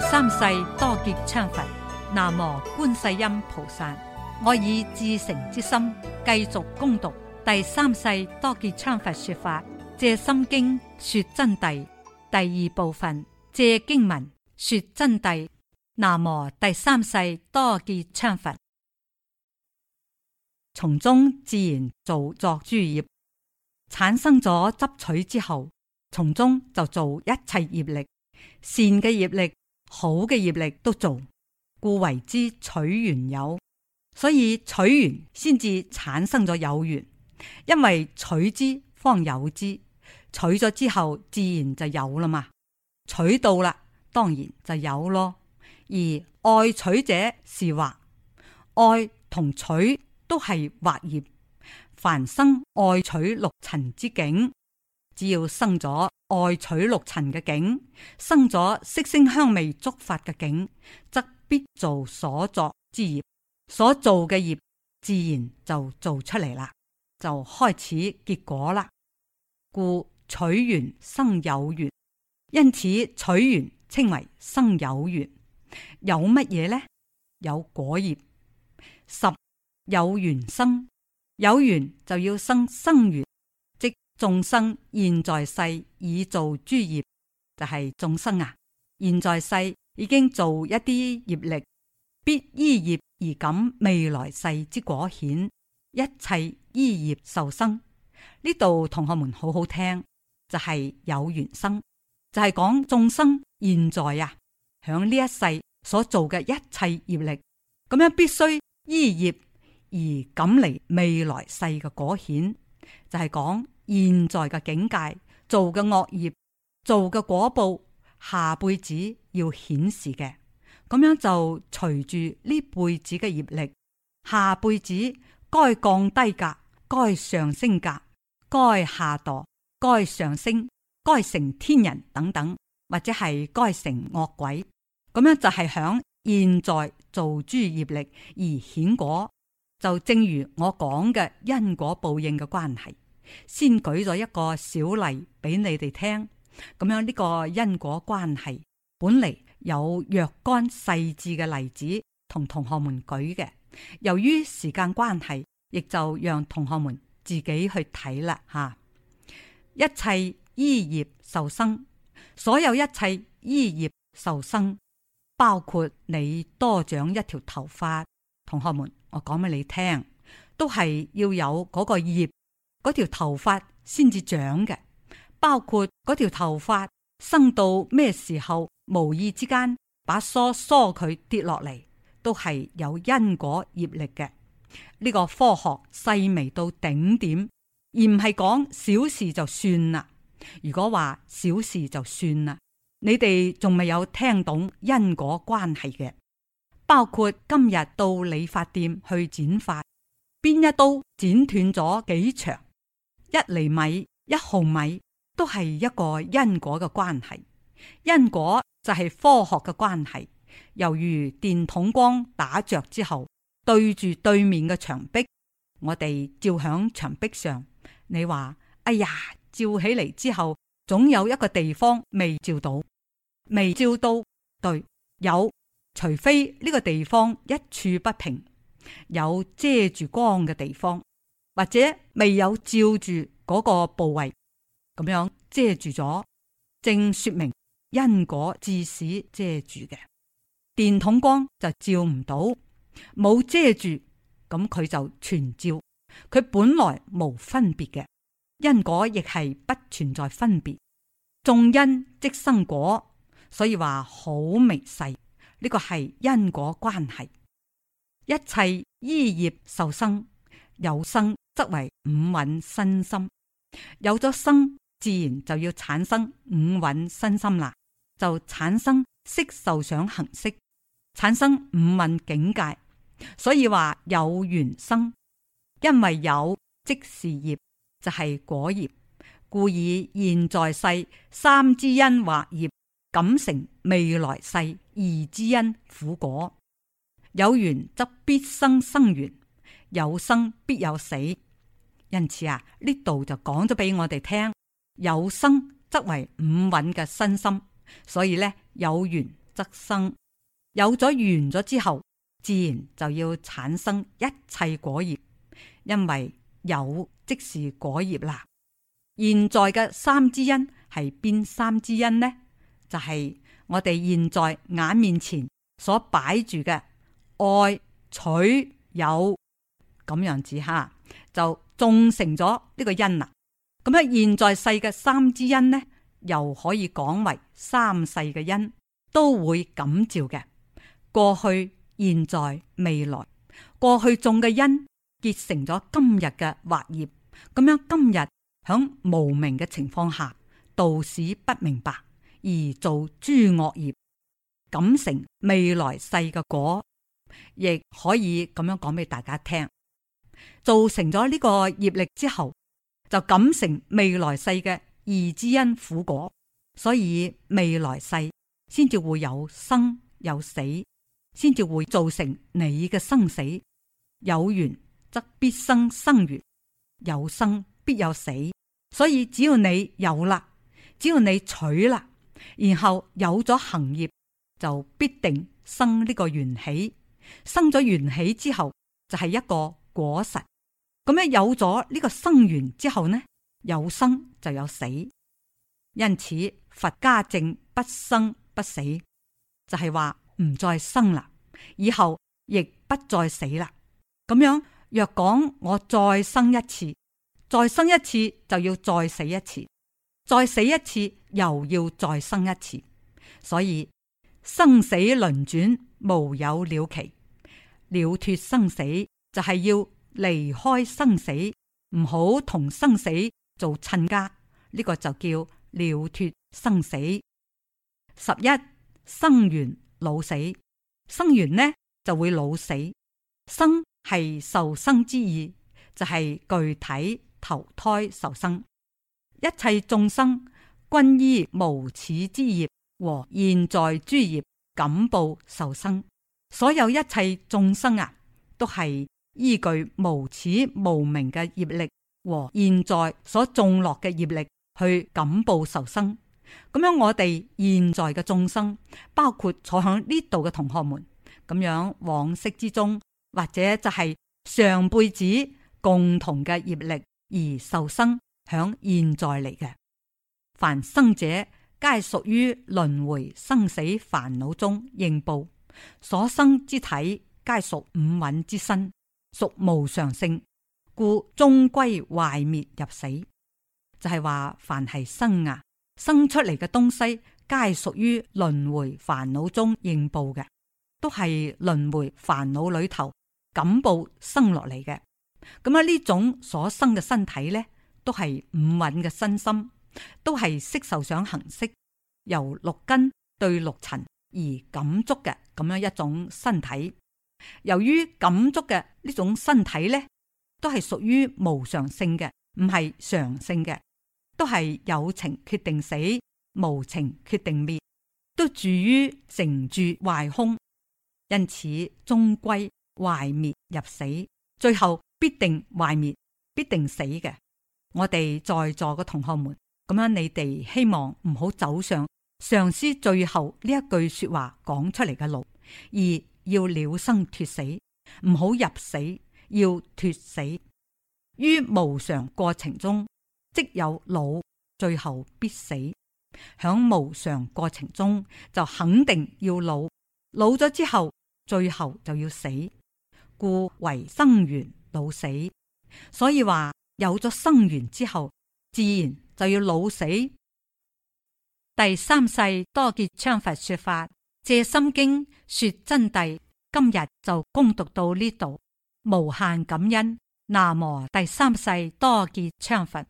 第三世多杰羌佛，南無觀世音菩薩。我以至誠之心繼續攻讀第三世多杰羌佛說法，借心經說真諦第二部分，借經文說真諦。南無第三世多杰羌佛，從中自然造作諸業，產生咗執取之後，從中就造一切業力，善嘅業力。好嘅業力都做，故為之取緣有。所以取緣先至產生咗有緣，因為取之方有之，取咗之後自然就有啦嘛，取到啦，當然就有咯。而愛取者是惑，愛同取都係惑業，凡生愛取六塵之境。只要生咗愛取六塵嘅境，生咗色聲香味觸法嘅境，則必做所作之業，所做嘅業自然就做出嚟啦，就開始結果啦。故取緣生有緣，因此取緣稱為生有緣。有乜嘢呢？有果業，十有緣生，有緣就要生生緣。眾生現在世已做諸業，就係、是、眾生啊。現在世已經做一啲業力，必依業而感未來世之果顯。一切依業受生呢度，同學們好好聽，就係、是、有緣生，就係講眾生現在啊，響呢一世所做嘅一切業力，咁樣必須依業而感嚟未來世嘅果顯，就係講。現在嘅境界做嘅惡業做嘅果報，下輩子要顯示嘅。咁樣就隨住呢輩子嘅業力，下輩子該降低格，該上升格，該下墮，該上升，該成天人等等，或者係該成惡鬼，咁樣就係響現在造諸業力而顯果，就正如我講嘅因果報應嘅關係。先舉咗一個小例俾你哋聽，咁樣呢個因果關係本嚟有若干細緻嘅例子同同學們舉嘅，由於時間關係，亦就讓同學們自己去睇啦吓。一切依業受生，所有一切依業受生，包括你多長一條頭髮，同學們，我講俾你聽，都係要有嗰個業。嗰條頭髮先至長嘅，包括嗰條頭髮生到咩時候，無意之間把梳梳佢跌落嚟，都係有因果業力嘅。呢個科學細微到頂點，而唔係講小事就算啦。如果話小事就算啦，你哋仲未有聽懂因果關係嘅，包括今日到理髮店去剪髮，邊一刀剪斷咗幾長？一厘米、一毫米都係一個因果嘅關係，因果就係科學嘅關係。由於電筒光打着之後，對住對面嘅牆壁，我哋照響牆壁上，你話，哎呀，照起嚟之後，總有一個地方未照到，未照到，對，有，除非呢個地方一處不平，有遮住光嘅地方。或者未有照住嗰個部位，咁樣遮住咗，正說明因果自始遮住嘅。電筒光就照唔到，冇遮住，咁佢就全照。佢本來冇分別嘅，因果，亦係不存在分別。眾因即生果，所以話好微細。呢、這個係因果關係，一切依業受生。有生則為五蘊身心，有咗生，自然就要產生五蘊身心啦，就產生色受想行識，產生五蘊境界。所以話有緣生，因為有即事業就係是果業，故以現在世三之因或業感成未來世二之因苦果，有緣則必生生緣。有生必有死，因此啊，呢度就講咗俾我哋聽：有生則為五蘊嘅身心，所以咧，有緣則生，有咗緣咗之後，自然就要產生一切果業，因為有即是果業啦。現在嘅三之因係邊三之因呢？就係、是、我哋現在眼面前所擺住嘅愛取有。咁樣子吓，就種成咗呢個因啦。咁樣現在世嘅三支因呢，又可以講為三世嘅因，都會感召嘅。過去、現在、未來，過去種嘅因結成咗今日嘅惑業。咁樣今日響無明嘅情況下，導使不明白而做諸惡業，感成未來世嘅果，亦可以咁樣講俾大家聽。造成咗呢個業力之後，就感成未來世嘅二之恩苦果，所以未來世先至會有生有死，先至會造成你嘅生死。有緣則必生，生緣有生必有死，所以只要你有啦，只要你取啦，然後有咗行業，就必定生呢個緣起，生咗緣起之後就係一個。果實咁樣有咗呢個生緣之後呢，有生就有死，因此佛家正不生不死，就係話唔再生啦，以後亦不再死啦。咁樣若講我再生一次，再生一次就要再死一次，再死一次又要再生一次，所以生死輪轉無有了期，了脫生死，就係要離開生死，唔好同生死做親家，呢、這個就叫了脱生死。十一生完老死，生完呢就會老死。生係受生之意，就係、是、具體投胎受生。一切眾生均依無始之業和現在諸業感報受生，所有一切眾生啊，都係。依據無始無明嘅業力和現在所種落嘅業力去感報受生，咁樣我哋現在嘅眾生，包括坐響呢度嘅同學們，咁樣往昔之中或者就係上輩子共同嘅業力而受生響現在嚟嘅。凡生者皆屬於輪回生死煩惱中應報所生之體，皆屬五蘊之身。屬無常性，故終歸壞滅入死。就係話，凡係生啊，生出嚟嘅東西，皆屬於輪回煩惱中應報嘅，都係輪回煩惱裏頭感報生落嚟嘅。咁啊，呢種所生嘅身體呢，都係五蘊嘅身心，都係色受想行識由六根對六塵而感觸嘅咁樣一種身體。由於感觸嘅呢種身體呢，都係屬於無常性嘅，唔係常性嘅，都係有情決定死，無情決定滅，都住於成住壞空，因此終歸壞滅入死，最後必定壞滅，必定死嘅。我哋在座嘅同學們，咁樣你哋希望唔好走上上師最後呢一句說話講出嚟嘅路，而。要了生脫死，唔好入死，要脫死於無常過程中，即有老，最後必死。響無常過程中就肯定要老，老咗之後，最後就要死，故為生緣老死。所以話有咗生緣之後，自然就要老死。第三世多杰羌佛說法。藉心經說真諦，今日就恭誦到呢度，無限感恩。南無第三世多杰羌佛。